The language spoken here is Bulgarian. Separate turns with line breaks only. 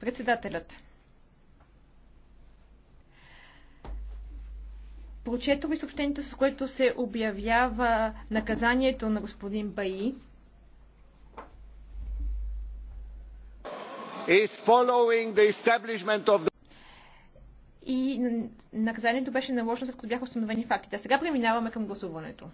Председателят.
Прочето ви съобщението, с което се обявява наказанието на господин Баи.
The...
И наказанието беше наложено, след като бяха установени фактите. А сега преминаваме към гласуването.